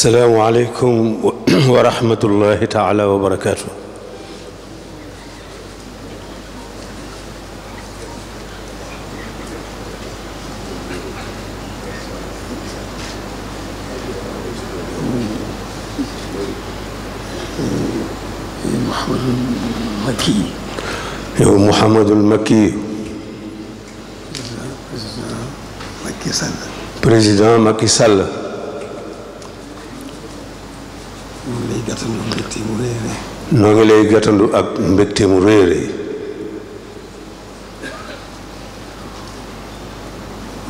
asalaamualeykum wa rahmatullahi taala wa barakaatu yow Mouhamadul Makki président Macky Sall gàttandu mbégte noo ngi lay gàttandu ak mbégte mu rëy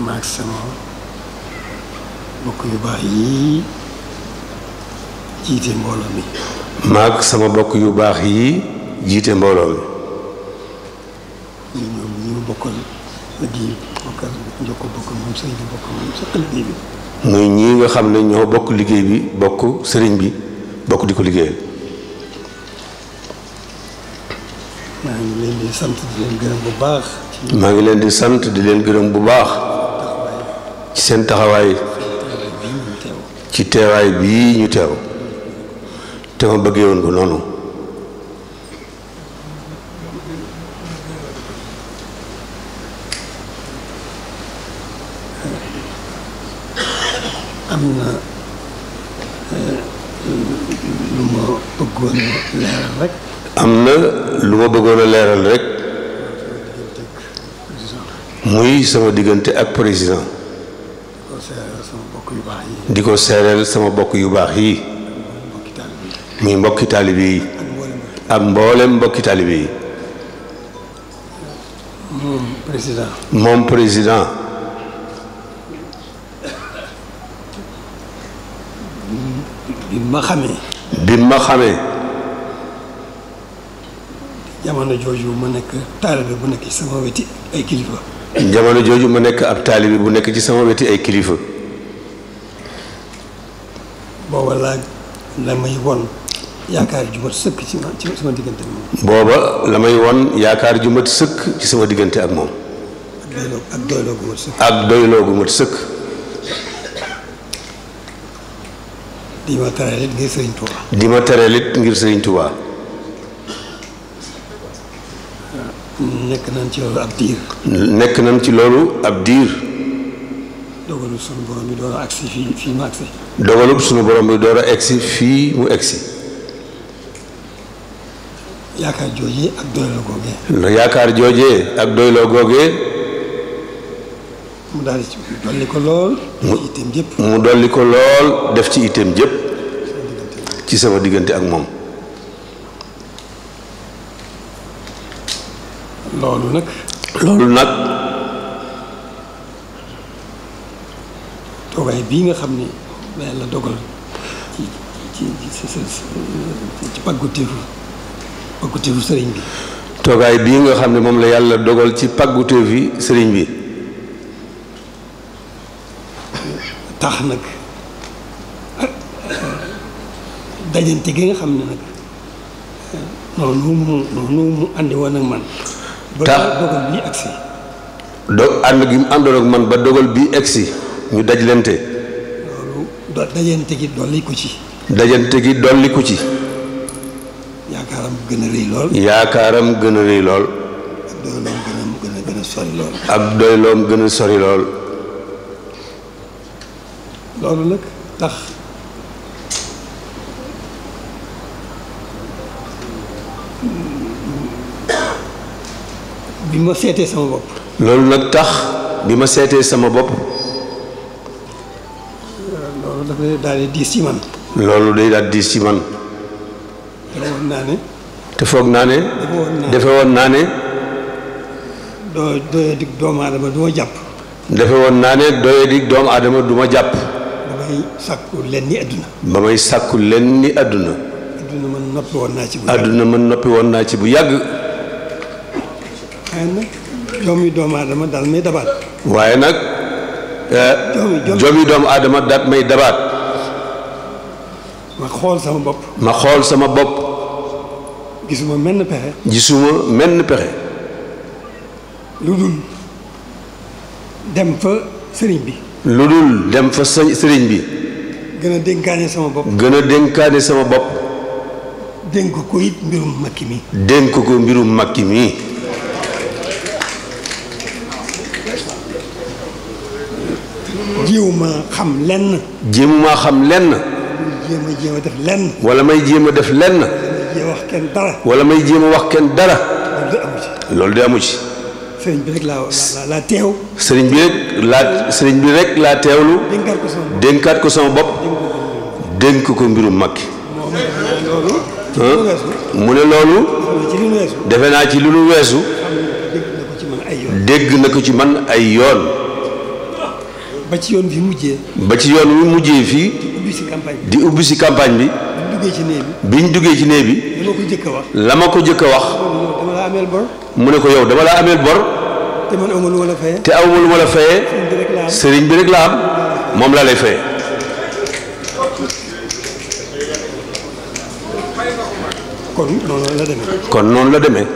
maag sama bokk yu baax yii jiite mbooloo mi. maag sama bokk yu baax yii jiite mbooloo mi. ñoom muy ñii nga xam ne ñoo bokk liggéey bi bokk sëriñ bi. bokk di ko liggéeyal. maa ngi leen di sant di leen gërëm bu baax. maa ngi leen di sant di leen gërëm bu baax. ci seen taxawaay. ci teewaay bii ñu teew. te ma bëggee woon ko noonu. am na lu ma bëggoon a leeral sama diggante ak président di ko seereel sama bokk yu baax yi muy mbokki taalibe yi ak mboolem mbokki taalibe yi moom président bi ma xamee bi ma xamee. jamono jooju ma nekk taalibe bu nekk ci sama weti ay kilifa. jamono jooju ma nekk ab taalibe bu nekk ci sama weti ay kilifa. booba laa la may won yaakaar ju mat sëkk ci sama diggante ak moom. la may won yaakaar ju mat sëkk ci sama diggante ak moom. ak doyloo gu sëkk. di ma tëral it ngir sëriñ Touba. di ma tëral it ngir sëriñ Touba. nekk nañ ci loolu ab diir. nekk nañ ci loolu ab diir. dogalub sunu borom bi door a agsi fii mu agsi. sunu borom bi door a agsi fii mu agsi. yaakaar jooje ak doyloo googee. yaakaar jooje ak doyloo googee. mu daal ci ko lool. mu itam jëpp. mu dolli ko lool def ci itam jëpp. ci sama diggante ak moom. loolu nag. loolu nag. toogaay bii nga xam ni la yàlla dogal ci ci ci ci pàgguteefu pàgguteefu sëriñ bi. toogaay bii nga xam ne moom la yàlla dogal ci pàgguteefu sëriñ bi. tax nag dajante gi nga xam ne nag noonu mu noonu mu àndi ak man. tax ba dogal bii agsi. doo ànd gi mu àndoon ak man ba dogal bii agsi ñu dajlante. loolu do dajante gi dolli ci. dajante gi dolli ci. yaakaaram gën a rëy lool. yaakaaram gën a rëy lool. ak doyloom gën gën a sori lool. loolu nag tax bi ma seetee sama bopp. loolu nag tax bi ma seetee sama bopp. loolu dafay daal di diis ci man. loolu day daal diis ci man. te foog naa ne. te naa ne. defe woon naa ne. doo doyee dig doomu aadama du jàpp. defe woon naa ne doyee dig doomu aadama du ma jàpp. may sàkku leen ni àdduna ba may sàkku leen ni àdduna àdduna man noppi woon naa ci bu àdduna man noppi woon naa ci bu yàgg waaye nag joomi doomu aadama waaye nag joomi doomu aadama daal eh, may dabaat ma xool sama bopp ma xool sama bopp gisuma menn pexe gisuma menn pexe lu dul dem fa sëriñ bi lu dul dem fa sa sëriñ bi. gën a dénkaane sama bopp. gën a dénkaane sama bopp. dénk ko it mbirum makki mi. dénk ko mbirum makki mi. jéemuma xam lenn. jéemuma xam lenn. jéem a jéem a def lenn. wala may jéem a def lenn. wala may jéem wax kenn dara. loolu de amu ci. sëriñ bi rek laa laa sëriñ bi rek laa sëriñ teewlu. dénkaat ko sama bopp dénk ko mbirum Macky. mu ne loolu. defe naa ci lu nu weesu. dégg na ko ci man ay yoon. ba ci yoon bi mujjee. ba ci yoon wi mujjee fii. di ubbi si campagne bi. ci néeg bi. biñ duggee ci néeg bi. la ma ko jëkk a wax. ameel bor. mu ne ko yow dama la ameel bor. te man aw ma lu ma la fayee. te aw ma lu ma la fayee. sëriñ bi rek la am moom laa lay fayee. kon noonu la kon noonu la demee.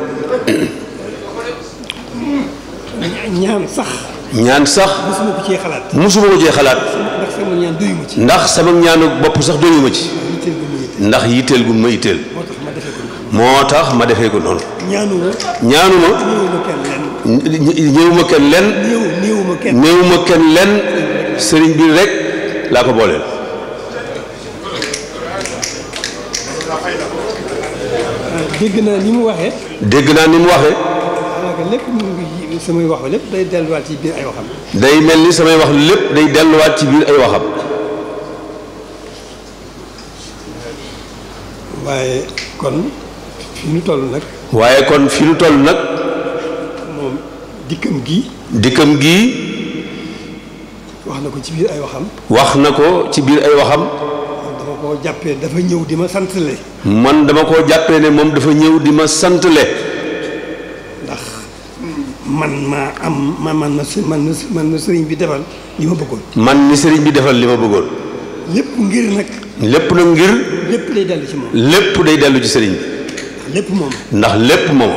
ñaan sax. ñaan sax. musuma ko cee xalaat. musuma ko cee xalaat. ndax sama ñaan doyuma ndax sama ñaanu bopp sax doyuma ci. ndax yitteel gu ma yitteel moo tax ma defee ko noonu ñaanu ma ñëwuma kenn lenn néewuma kenn lenn sëriñ bi rek laa ko booleel dégg naa ni mu waxee dégg naa ni mu waxee samay wax lépp day delluwaat ci ay day mel ni samay wax lépp day delluwaat ci biir ay waxam waaye kon fi ñu toll nag. waaye kon fi ñu toll nag. moom dikkam gii. dikkam gi wax na ko ci biir ay waxam. wax na ko ci biir ay waxam. dama koo jàppee dafa ñëw di ma santale. man dama koo jàppee ne moom dafa ñëw di ma santale. ndax man ma am ma man na ma man ma sëriñ bi defal li ma bëggoon. man ni sëriñ bi defal li ma bëggoon. lépp ngir nag. lépp nag ngir. lépp day dellu ci lépp day dellu ci sëriñ ndax lépp moom. ndax lépp moom.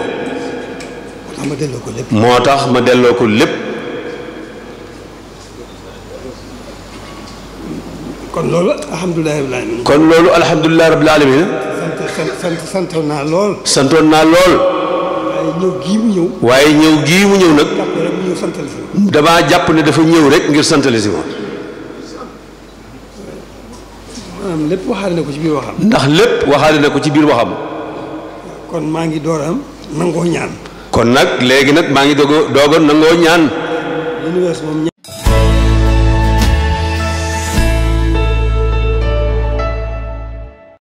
moo tax ma delloo ko lépp. kon loolu alhamdulilah rabbil alamin. kon loolu alhamdulilah rabbil alamin. sant santoon naa lool. santoon naa lool. waaye ñëw waaye ñëw gii mu ñëw nag. damaa jàpp ne dafa ñëw rek ngir santale si moom. maanaam lépp waxaale na ko ci biir waxam. ndax lépp waxaale na ko ci biir waxam. kon maa ngi door am nangoo ñaan. kon nag léegi nag maa ngi doog doogoon doog a nangoo ñaan.